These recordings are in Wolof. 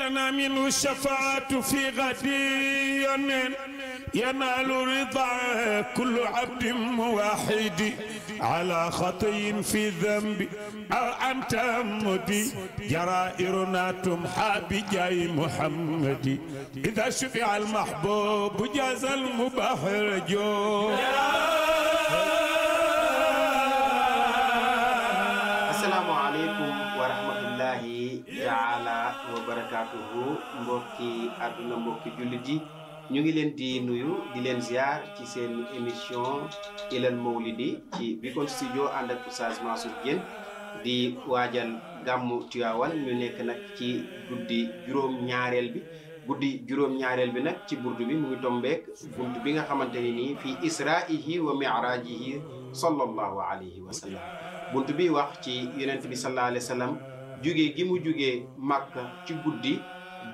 لنا منه الشفاعة في غد ينال رضا كل عبد واحد على خطي في ذنب أو عن تمدي جرائرنا تمحى بجاي محمد إذا شفع المحبوب جاز المباح رجوع barakaatuhu mbokki àdduna mbokki jullit yi ñu ngi leen di nuyu di leen ziar ci seen émission Ilal Mawlidi ci Bikol studio ànd ak Oustaz Mansour Diène di waajal gàmmu Tiwaawan ñu nekk nag ci guddi juróom-ñaareel bi guddi juróom-ñaareel bi nag ci burdu bi mu ngi tombeek bunt bi nga xamante ni nii fii israihi wa mirajihi sallallahu alayhi wa sallam bunt bi wax wa sallam jóge gi mu jóge Màkka ci guddi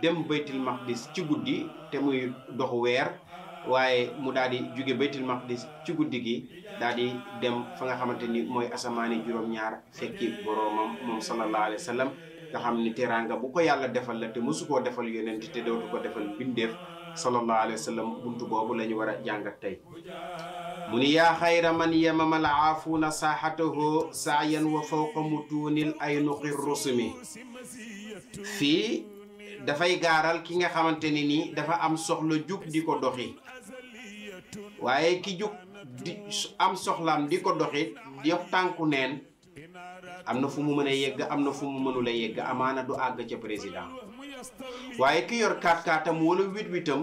dem baytil maqdis ci guddi te muy dox weer waaye mu daal di jóge baytil di ci guddi gi daal di dem fa nga xamante ni mooy asamaani juróom-ñaar fekki boroomam moom sallallahu alayhi wa sallam nga xam ni teraanga bu ko yàlla defal la te mosu koo defal yonent te dootu ko defal bindeef sallallahu alayhi wa sallam buntu boobu la ñu war a jàngat tey mu ni yaa xayra man yemama al aafuuna saaxatahoo saayan wa fawqa mutuunil ay nuqi rusumi fii dafay gaaral ki nga xamante ni nii dafa am soxla jug di ko doxi waaye ki jug di am soxlaam di ko doxi yox tànku neen am na fu mu mën yegg am na fu mu mënul a yegg amaana du àgg ca président waaye ki yor kaat kaatam wala wit witam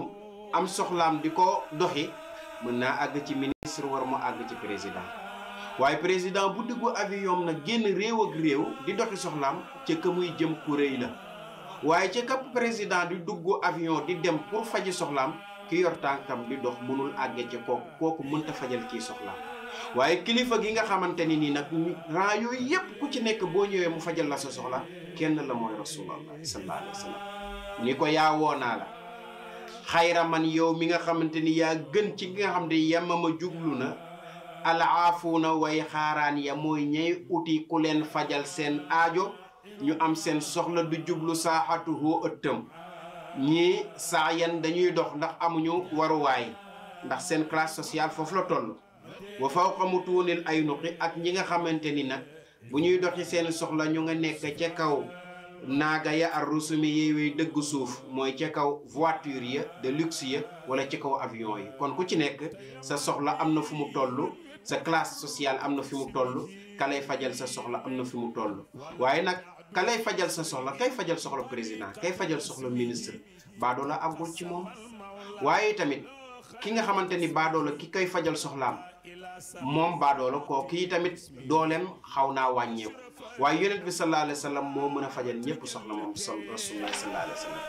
am soxlaam di ko doxi mën naa àgg ci ministre war mu àgg ci président waaye président bu dugg avion nag génn réew ak réew di doxi soxlaam ca ka muy jëm ku rëy la waaye ca ka président di dugg avion di dem pour faji soxlaam ki yor tànkam di dox mënul àgg ci kooku kooku mënta fajal kii soxlaam waaye kilifa gi nga xamante ni nii nag ran yooyu yépp ku ci nekk boo ñëwee mu fajal la sa soxla kenn la mooy rasulallah sallallahu alayhi wa ni ko yaawoonaa la xayra man yow mi nga xamante ni yaa gën ci nga xam ne yemama jublu na na way xaaraan ya mooy ñey uti ku leen fajal seen aajo ñu am seen soxla du jublu saaxatuhoo ëttam ñii saa yan dañuy dox ndax amuñu waruwaay ndax seen classe sociale foofu la toll wa fawqa mutuunil ay nuqi ak ñi nga xamante ni nag bu ñuy doxi seen soxla ñu nga nekk ca kaw naaga ya ar rusumi yeewee dëgg suuf mooy ca kaw voiture ya de luxe ya wala ci kaw avion yi kon ku ci nekk sa soxla am na fu mu toll sa classe sociale am na fi mu toll ka fajal sa soxla am na fi mu toll waaye nag ka fajal sa soxla kay fajal soxla président kay fajal soxla ministre baadoo la àggul ci moom waaye tamit ki nga xamante ni baadoo la ki kay fajal soxlaam moom baadoola kooku yi tamit dooleem xaw naa wàññeeku waaye yonent bi sallallahu moo mën a fajal ñëpp soxla moom rasulullah sallallahu alayhi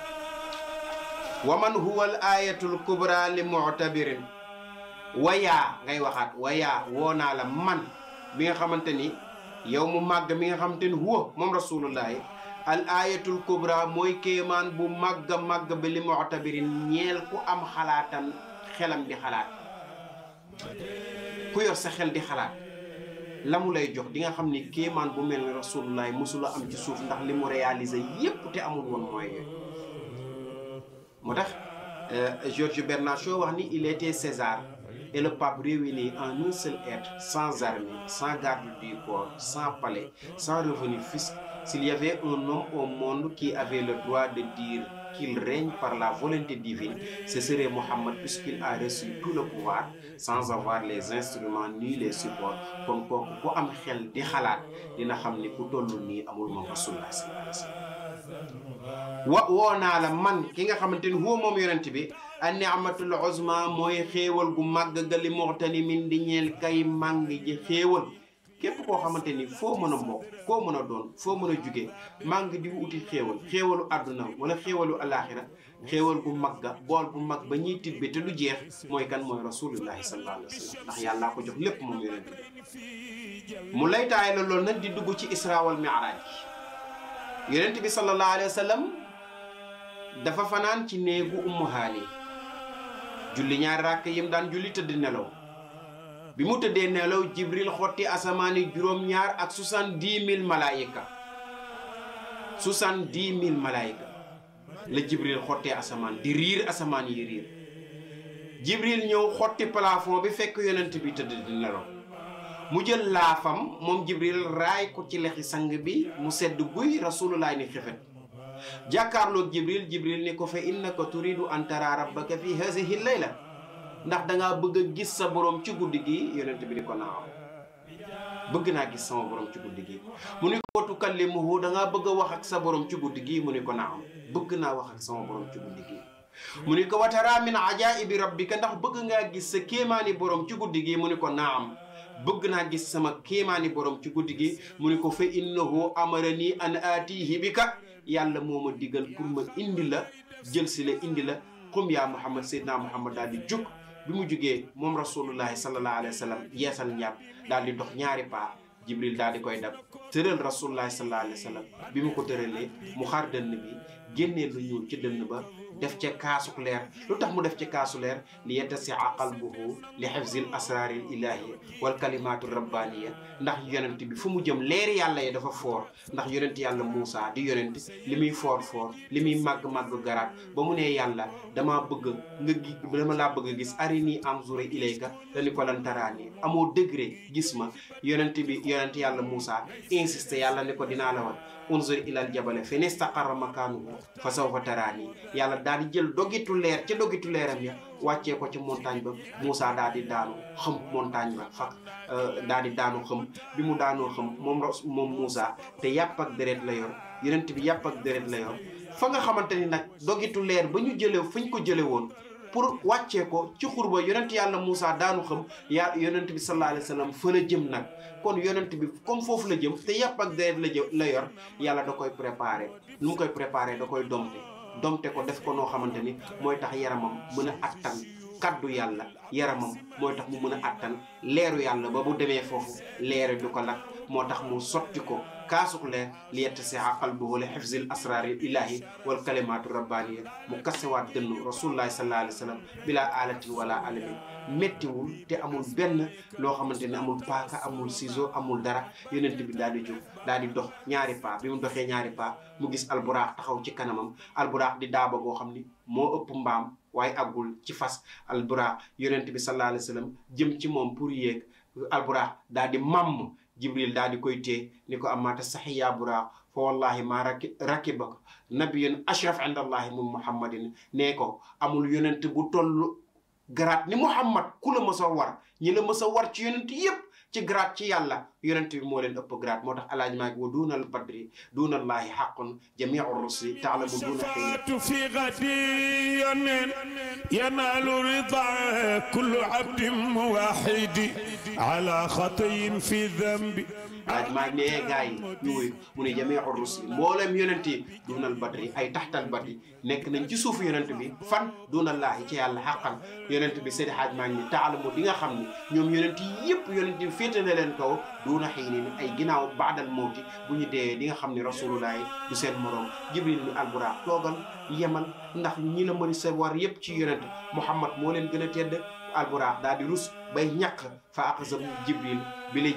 wa man huwa al ayatul kubra li mu'tabirin wayaa ngay waxaat wayaa woo naa la man bi nga xamante ni yow mu màgg mi nga xamante ni huwa moom rasulullahi al kubra mooy kéemaan bu màgg màgg ba li mu'tabirin ñeel ku am xalaatan xelam di xalaat ku yor sa xel di xalaat la mu lay jox di nga xam ni kéemaan bu mel ni rasulullah mosula am ci suuf ndax li mu réalisé yépp te amul woon mooy yooyu moo tax euh, Georges Bernard Shaw wax ni il était César et le pape réuni en un seul être sans armée sans garde du corps sans palais sans revenu fisc s'il y avait un homme au monde qui avait le droit de dire qu'il règne par la volonté divine, ce serait Mohammed puisqu'il a reçu tout le pouvoir sans avoir les instruments ni les supports kon kooku ku am xel di xalaat dina xam ni ku toll nii amul moom rasulullah sallallahu alayhi wa sallam wa woo naa la man ki nga xamante ni huwa moom yonent bi a ni'matul uzma mooy xéewal gu mag ga li muxtani min kay màng ji xéewal képp koo xamante ni foo mën a bokk koo mën a doon foo mën a jóge màng ngi di wuti xéewal xéewalu àdduna wala xéewalu alaaxira xéewal bu mag ga bool bu mag ba ñuy tibbe te lu jeex mooy kan mooy rasulullahi sallallahu ndax yàllaa ko jox lépp moom yonent bi mu lay taay la nag di dugg ci isra wal mi'raj yonent bi sallallahu alayhi wa dafa fanaan ci néegu ummu haani julli ñaari rakk yim daan julli tëdd nelaw bi mu tëddee nelaw jibril xotti asamaani juróom-ñaar ak soixante-dix mille malaayika soixante-dix mille malaayika la jibril xottee asamaan di riir asamaan yi riir jibril ñëw xotti plafond bi fekk yonent bi tëdd di nelaw mu jël laafam moom jibril raay ko ci lexi sang bi mu sedd guy rasulullah ni xefet jàkkaarloog jibril jibril ni ko fa innaka turidu an tara rabbaka fi hazihi layla ndax dangaa bëgg a gis sa borom ci guddi gi yonent bi ni ko naaw bëgg naa gis sama borom ci guddi gi mu ni ko tukallimuhu dangaa bëgg a wax ak sa borom ci guddi gi mu ni ko bëgg naa wax ak sama borom ci guddi gi mu ni ko watara min ajaibi ndax bëgg ngaa gis sa kéemaani borom ci guddi gi mu ni ko am bëgg naa gis sama kéemaani borom ci guddi gi mu ni ko fa nii amarani an bi bika yàlla moo ma digal pour ma indi la jël si la indi la xum yaa muhammad seydina muhammad daal di jóg bi mu jógee moom rasulullahi sallallahu alayhi wa sallam yeesal njàpp daal di dox ñaari paa jibril daal di koy dab tëral rasulullahi sallallahu alayhi wa sallam bi mu ko tëralee mu xaar dënn bi génnee lu ñuul ci dënn ba def ca kaasuk leer lu tax mu def ca kaasu leer li yatasia qalbuhu li xifzil asraaril ilaahi wal kalimaatu rabbaaniya ndax yonent bi fu mu jëm leer yàlla yi dafa foor ndax yonent yàlla Moussa di yonent li muy foor foor li muy màgg-màgg garaat ba mu ne yàlla dama bëgg nga gi dama laa bëgg a gis arini anzura ilayka dañu ko lan taraani amoo degré gis ma yonent bi yonent yàlla Moussa insisté yàlla ne ko dinaa la wan unzur ilal jabale fa in fa taraani yàlla daal di jël dogitu leer ca dogitu leeram ya wàccee ko ci montagne ba Moussa daal di daanu xam montagne ba fak euh, daal di daanu xam bi mu daanoo xam moom moom Moussa te yàpp ak deret la yor yonent bi yàpp ak deret la yor fa nga xamante ni nag dogitu leer ba ñu jëlee fu ñu ko jëlee woon pour wàccee ko ci xurba yonent yàlla Moussa daanu xam yaa yonent bi sallallahu alayhi wasallam fa la jëm nag kon yonent bi comme foofu la jëm te yàpp ak deret la jë la yor yàlla da koy préparé lu mu koy préparé da koy doom domte ko def ko noo xamante ni mooy tax yaramam mën a attan kàddu yàlla yaramam mooy tax mu mën a attan leeru yàlla ba mu demee foofu leere du ko lakk moo tax mu sotti ko kaasukle liyattasia qalbuhu li xifzil asrari ilahi wal kalimatu rabbaniya mu kasewaat dënnu rasulullahi sallallahu alayhi wa sallam bila alatin wala alamin méttiwul te amul benn loo xamante ne amul paaka amul ciseau amul dara yonent bi daal di jóg daal di dox ñaari pas bi mu doxee ñaari pas mu gis alburaax taxaw ci kanamam alburaax di daaba goo xam ni moo ëpp mbaam waaye àggul ci fas alburaax yonent bi sallallahu alayhi wa jëm ci moom pour yéeg daal di màmm jibril daal di koy téye ni ko amaata saxiya buraaq fa wallahi maa raki rakiba nabiyun ashraf inda allahi mun muhammadin nee ko amul yonent bu toll garaat ni muhammad ku la mës a war ñi la mës a war ci yonent yépp ci grade ci yàlla yonent bi moo leen ëpp grade moo tax alaaj maa ngi wa duunal badri duunallaahi xaqun jamiu rusli taalamu duuna xeetu fi gadi yonen yanaalu rida kullu abdin muwaxidi ala xatayin fi dambi waaye maa ngi ne gars yi ñu mu ne jamee xor rusli mboolem yonent yi duunal badri ay taxtal badri nekk nañ ci suuf yonent bi fan duunallaahi ci yàlla xaqan yonent bi Seydi Hadj maa ngi ne taalamu di nga xam ne ñoom yonent yi yëpp yonent yi féete leen kaw duuna xëy ni ay ginnaaw baadal mawti bu ñu dee di nga xam ne rasulullaahi du seen morom jibril mi alburaaq toogal yemal ndax ñi la mën sa war yëpp ci yonent Muhammad moo leen gën a tedd alburaaq daal di rus bay ñàkk fa aqsam jibril bi li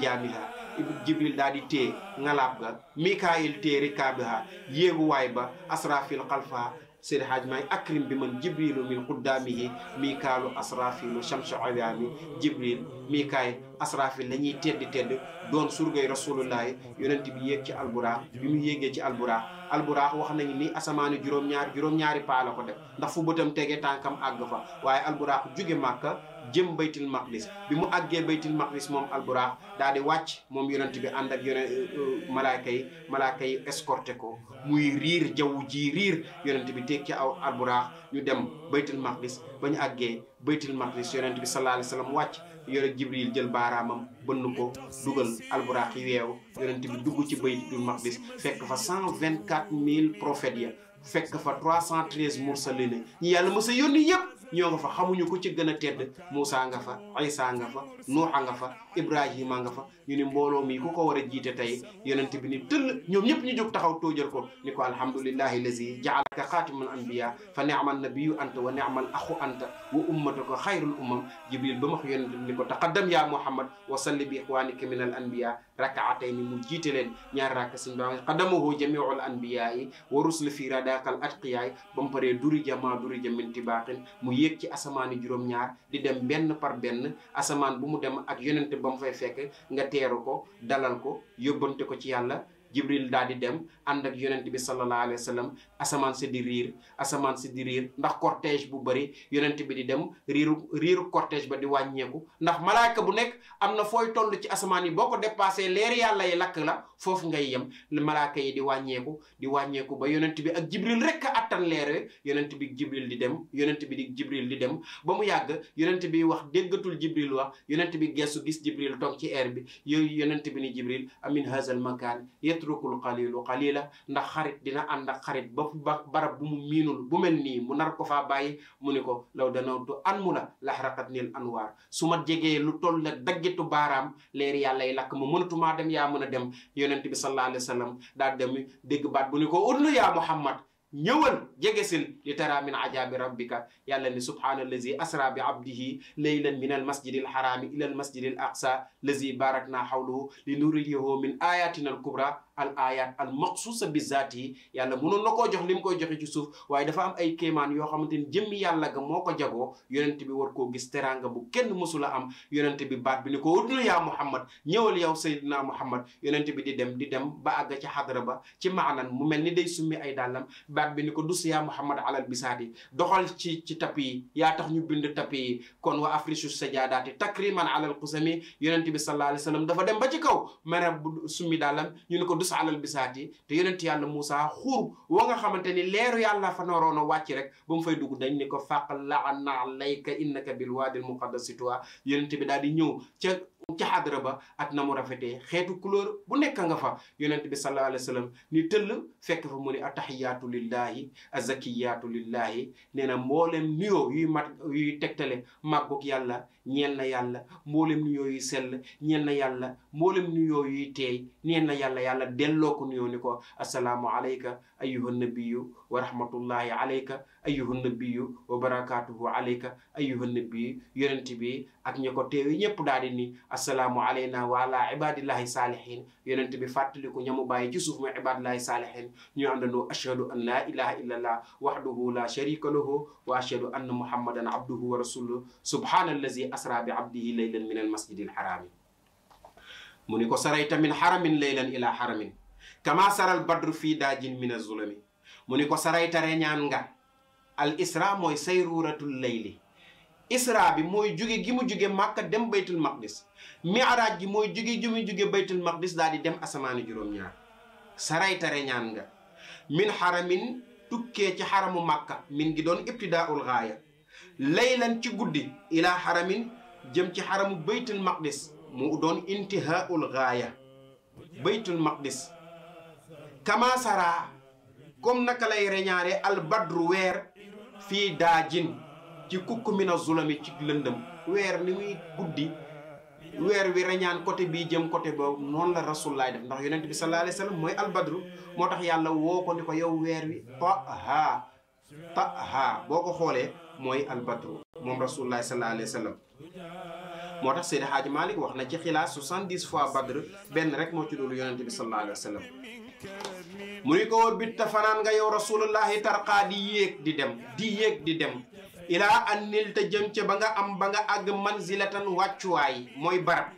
jibril daal di téye ngalaab ga mikaayil téye rikaabiha waay ba asrafil xalfaha seydi haaj maay akrim bi man jibrilu min quddaamihi mikaalu asrafilu shamsu ayaami jibril mikaayil asrafil la ñuy tedd tedd doon surgay rasulullahi yonent bi yéeg ci alburaax bi mu yéegee ci alburaax alburaax wax nañu ni asamaani juróom-ñaari juróom-ñaari paa la ko def ndax fu bëtam tegee tànkam àgg fa waaye alburaax jóge màkka jëm baytil maqdis bi mu àggee baytil maqdis moom alburaax daal di wàcc moom yonent bi ànd ak yone euh, euh, malaaka yi malaaka yi escorté ko muy riir jaww ji riir yonent bi ci aw alburaax ñu dem baytil maqdis ba ñu àggee baytil maqdis yonent bi sallallahu alayhi wasallam wàcc yore jibril jël baaraamam bënn ko dugal alburaax yi weew yonent bi dugg ci baytul maqdis fekk fa cent vingt-quatre mille prophètes ya fekk fa trois cent treize mursalina ñi yàlla mës a yónni yëpp ñoo nga fa xamuñu ko ci gën a tedd Moussa nga fa Isa nga fa a nga fa Ibrahima nga fa ñu ni mbooloo mi ko ko war a jiite tey yonent bi ni tëll ñoom ñëpp ñu jóg taxaw tóojal ko ni ko alhamdulillahi lazi jaalaka xaatimal anbiya fa niamal nabiyu anta wa niamal axu anta wa ummatuka xayrul umam jibril ba max yonent bi ni ko taqaddam ya muhammad wa salli bi ixwanika min al anbiya rakaatay ni mu jiite leen ñaari rakk sëñ baa nga an jamiul anbiyaayi wa rusli fii radaqal atqiyaay ba mu paree duri jama duri jaminti baaxin mu yéeg ci asamaani juróom-ñaar di dem benn par benn asamaan bu mu dem ak yonente ba mu fay fekk nga teeru ko dalal ko yóbbante ko ci yàlla jibril daal di dem ànd ak yonent bi sallallahu alayhi wa sallam asamaan si di riir asamaan si di ndax cortège bu bëri yonent bi di dem riiru riiru cortège ba di wàññeeku ndax malaaka bu nekk am na fooy toll ci asamaan yi boo ko dépassé leer yàlla yi lakk la foofu ngay yem malaaka yi di wàññeeku di wàññeeku ba yonent bi ak jibril rek a attan leere yonent bi jibril di dem yonent bi di jibril di dem ba mu yàgg yonent bi wax dëggatul jibril wax yonent bi geesu gis jibril toog ci air bi yooyu yonent bi ni jibril yatrukul xalilu xalila ndax xarit dina ànd ak xarit ba ba barab bu mu miinul bu mel nii mu nar ko faa bàyyi mu ni ko law danawtu an mu la laxraqat nil anwaar su ma jegee lu toll la daggitu baaraam leeri yàlla yi lakk ma mënatumaa dem yaa mën a dem yonent bi sallallahu alayhi wa sallam daa dem dégg baat bu ni ko udlu yaa muhammad ñëwal jegesil li tara min ajaabi rabbika yàlla ni subhaana allazi asra bi abdihi leylan min al masjidi al xaraami ila al masjidi al aqsa lazi barakna xawluhu li nuriyahu min ayatina al kubra al ayat al maqsusa bi zaat yi yàlla mënoon na koo jox li mu koy joxe ci suuf waaye dafa am ay kéemaan yoo xamante ni jëmmi yàlla ga moo ko jagoo yonent bi war koo gis teraanga bu kenn mësula am yonent bi baat bi ni ko udul yaa bi di dem di dem ba àgg ci xadra ba ci maanan mu mel ni day summi ay dàllam baat bi ni ko dus yaa muhammad alal bisaat yi doxal ci ci tapi yi yaa tax ñu bind tapi yi kon wa su sajaadaati takriman alal qusami yonent bi sallallahu alayhi wa sallam dafa dem ba ci kaw mere summi dàllam ñu yurus alal bisaat yi te yonent yàlla Moussa xur wa nga xamante ni leeru yàlla fa naroon a wàcc rek ba mu fay dugg dañ ni ko faq la'an alayka innaka bil waadil muqaddasi tuwa yonent bi daal di ñëw ca xadra ba ak na mu rafetee xeetu couleur bu nekk nga fa yonent bi sallallahu alayhi wa sallam ni tëll fekk fa mu ne attahiyaatu lillahi azakiyaatu lillahi nee na mboolem nuyoo yuy mat yuy tegtale màggug yàlla ñeen na yàlla mboolem nuyoo yuy sell ñeen na yàlla mboolem nuyoo yu teey ñeen na yàlla yàlla delloo ko nuyoo ni ko asalaamu alayka ayyuhan nabiyyu wa alayka ayyuha nabiyyu wa barakaatuhu alayka ayyuha nabiyyu yonent bi ak ñi ko teew ñëpp daal ni assalaamu alayna wa ala ibadillahi saalihin yonent bi fàttaliku ñamu bàyyi ci suuf mu ibadillahi saalihin ñu àndandoo ashhadu an laa ilaha illa allah wahdahu la sharika lahu wa ashhadu anna muhammadan abduhu wa rasuluhu subhana allazi asra bi abdihi laylan min al masjidi al mu ni ko sarayta min haramin laylan ila haramin kama saral badru fii daajin min azulami mu al isra mooy sayruuratul layli isra bi mooy jóge gi mu jóge màkka dem baytul maqdis miraaj gi mooy jóge gi mu jóge baytul maqdis daal di dem asamaani juróom-ñaar saraytare ñaan nga min xaramin tukkee ci xaramu màkka min ngi doon ibtidaaul gaaya laylan ci guddi ilaa xaramin jëm ci xaramu baytul maqdis mu doon intihaaul gaaya baytul maqdis kama sara naka lay reñaare albadru weer fii daajin ci kukk mi na zulami ci lëndam weer ni muy guddi weer wi rañaan côté bii jëm côté boobu noonu la rasulullaay def ndax yonent bi sallallahu alayhi wa mooy albadru moo tax yàlla woo ko ni ko yow weer wi taha taha boo ko xoolee mooy albadru moom rasulullaay sallallahu alayhi wa moo tax Seydi Hadji Malick wax na ci xilaas 70 fois badr benn rek moo ci dul yonente bi sallallahu alayhi wa sallam mu ni ko wa a fanaan nga yow rasulullahi tarqaa di yéeg di dem di yéeg di dem ilaa annil te jëm ca ba nga am ba nga àgg manzilatan wàccuwaay mooy barab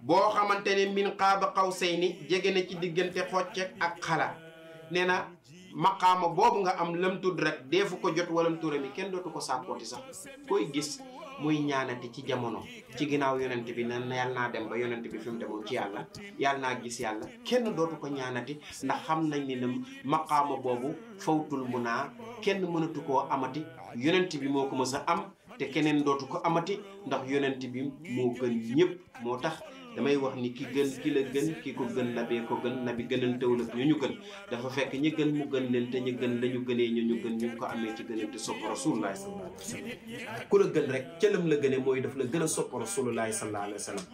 boo xamante ne xaw sey ni jege na ci diggante xoccek ak xala nee na maqaama boobu nga am lëm tudd rek deefu ko jot walam turam yi kenn dootu ko sàppooti sax koy gis muy ñaanati ci jamono ci ginnaaw yonent bi na yàlla naa dem ba yonent bi fi mu demoon ci yàlla yàlla naa gis yàlla kenn dootu ko ñaanati ndax xam nañ ni ne maqaama boobu fawtul mu naa kenn mënatu koo amati yonent bi moo ko mës a am te keneen dootu ko amati ndax yonent bi moo gën ñëpp moo tax damay wax ni ki gën ki la gën ki ko gën nabee ko gën nabi gënantewul ak ñu ñu gën dafa fekk ñi gën mu gën leen te ñu gën la ñu gënee ñu ñu gën ñu ngi ko amee ci gënante sopp rasulullahi sallallahu alayhi ku la gën rek cëlam la gënee mooy daf la gën a sopp rasulullahi sallallahu alayhi wa sallam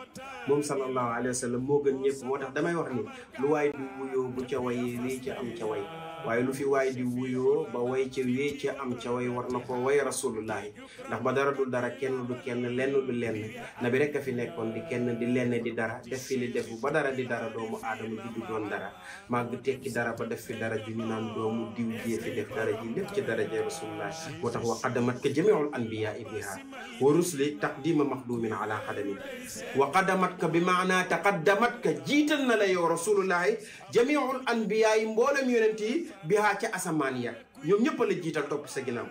moom sallallahu alayhi wa sallam moo gën ñëpp moo tax damay wax ni lu waay du wuyoo bu ca way lii ci am ca way waaye lu fi waay di wuyoo ba way ca wee ca am ca way war na ko way rasulullahi ndax ba dara du dara kenn du kenn lenn du lenn na bi rek a fi nekkoon di kenn di lenn di dara def fi li defu ba dara di dara doomu aadama ji du doon dara màgg tekki dara ba def fi dara ji ñu naan doomu diw jee def dara ji lépp ci dara jee rasulullahi moo tax wa qadamat ka jamiul anbiya ibniha wa rusli taqdima maxdumin ala xadami wa qadamat ka bi maanaa taqaddamat ka jiital na la yow rasulullahi jamiul anbiya yi mboolem yonent yi bihaa ca asamaan ya ñoom ñëpp la jiital topp sa ginnaaw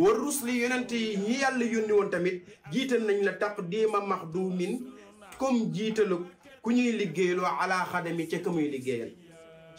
war rusli yonent yi ñi yàlla yónni woon tamit jiital nañu la taqdiima maxduumin comme jiitalu ku ñuy liggéeyaloo ala xadami ca ka muy liggéeyal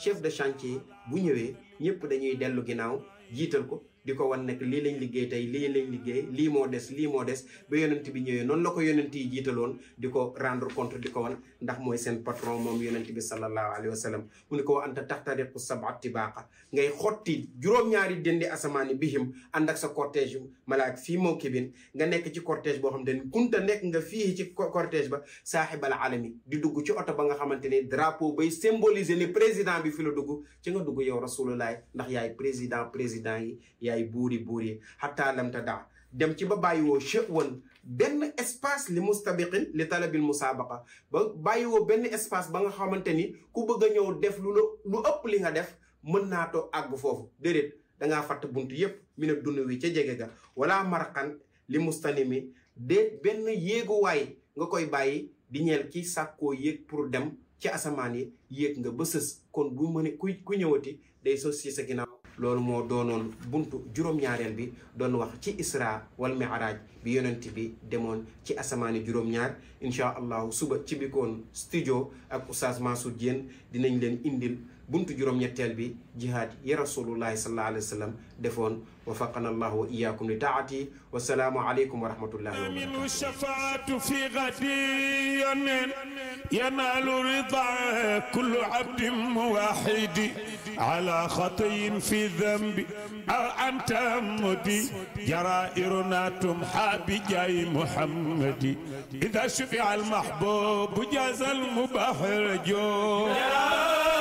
chef de chantier bu ñëwee ñëpp dañuy dellu ginnaaw jiital ko di ko wan nekk lii lañ liggéey tey lii lañ liggéey lii moo des lii moo des ba yonent bi ñëwee noonu la ko yonent yi jiitaloon di ko rendre compte di ko wan ndax mooy seen patron moom yonent bi sallallahu alayhi wa sallam mu ne ko wa anta taxtariqu sab'a tibaaqa ngay xotti juróom-ñaari dëndi asamaani bihim ànd ak sa cortège malaak fii moo kibin nga nekk ci cortège boo xam te ni kunta nekk nga fii ci cortège ba saaxibal alami di dugg ci oto ba nga xamante ni drapeau bay symboliser ne président bi fi la dugg ci nga dugg yow rasulullahi ndax yaay président président yi yaay buuri buuri xataa lam tadaa dem ci ba bàyyiwoo che woon benn espace li mustabiqin li talabil musaabaqa ba bàyyiwoo benn espace ba nga xamante ni ku bëgg a ñëw def lu la lu ëpp li nga def mën naa too àgg foofu déedéet dangaa fàtt bunt yépp mi ne dund wi ca jege ga wala marqan li mustanimi déet benn yéeguwaay nga koy bàyyi di ñeel ki sàkkoo yéeg pour dem ci asamaan yi yéeg nga ba sës kon bu mën ku ñëwati day sos si sa ginnaaw loolu moo doonoon buntu juróom-ñaareel bi doon wax ci isra wal mi'raj bi yonent bi demoon ci asamaani juróom-ñaar incha allahu suba ci bikoon studio ak oustaz Mansour Diène dinañ leen indil buntu juróom-ñetteel bi jihaad ya rasulullahi sallallahu alayhi wa sallam defoon wafaqana allahu wa iyaakum li taati wasalaamu aleykum wa rahmatullahi wa barakatuh ينال رضا كل عبد واحد على خطي في ذنب أو عن تمدي جرائرنا تمحى بجاي محمد إذا شفع المحبوب جاز المباح رجوع